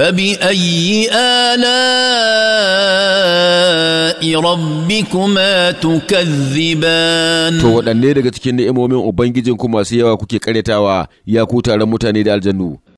فبأي آلاء ربكما تكذبان to waɗanne daga cikin ni'imomin ubangijinku masu yawa kuke karyatawa ya ku taron mutane da aljannu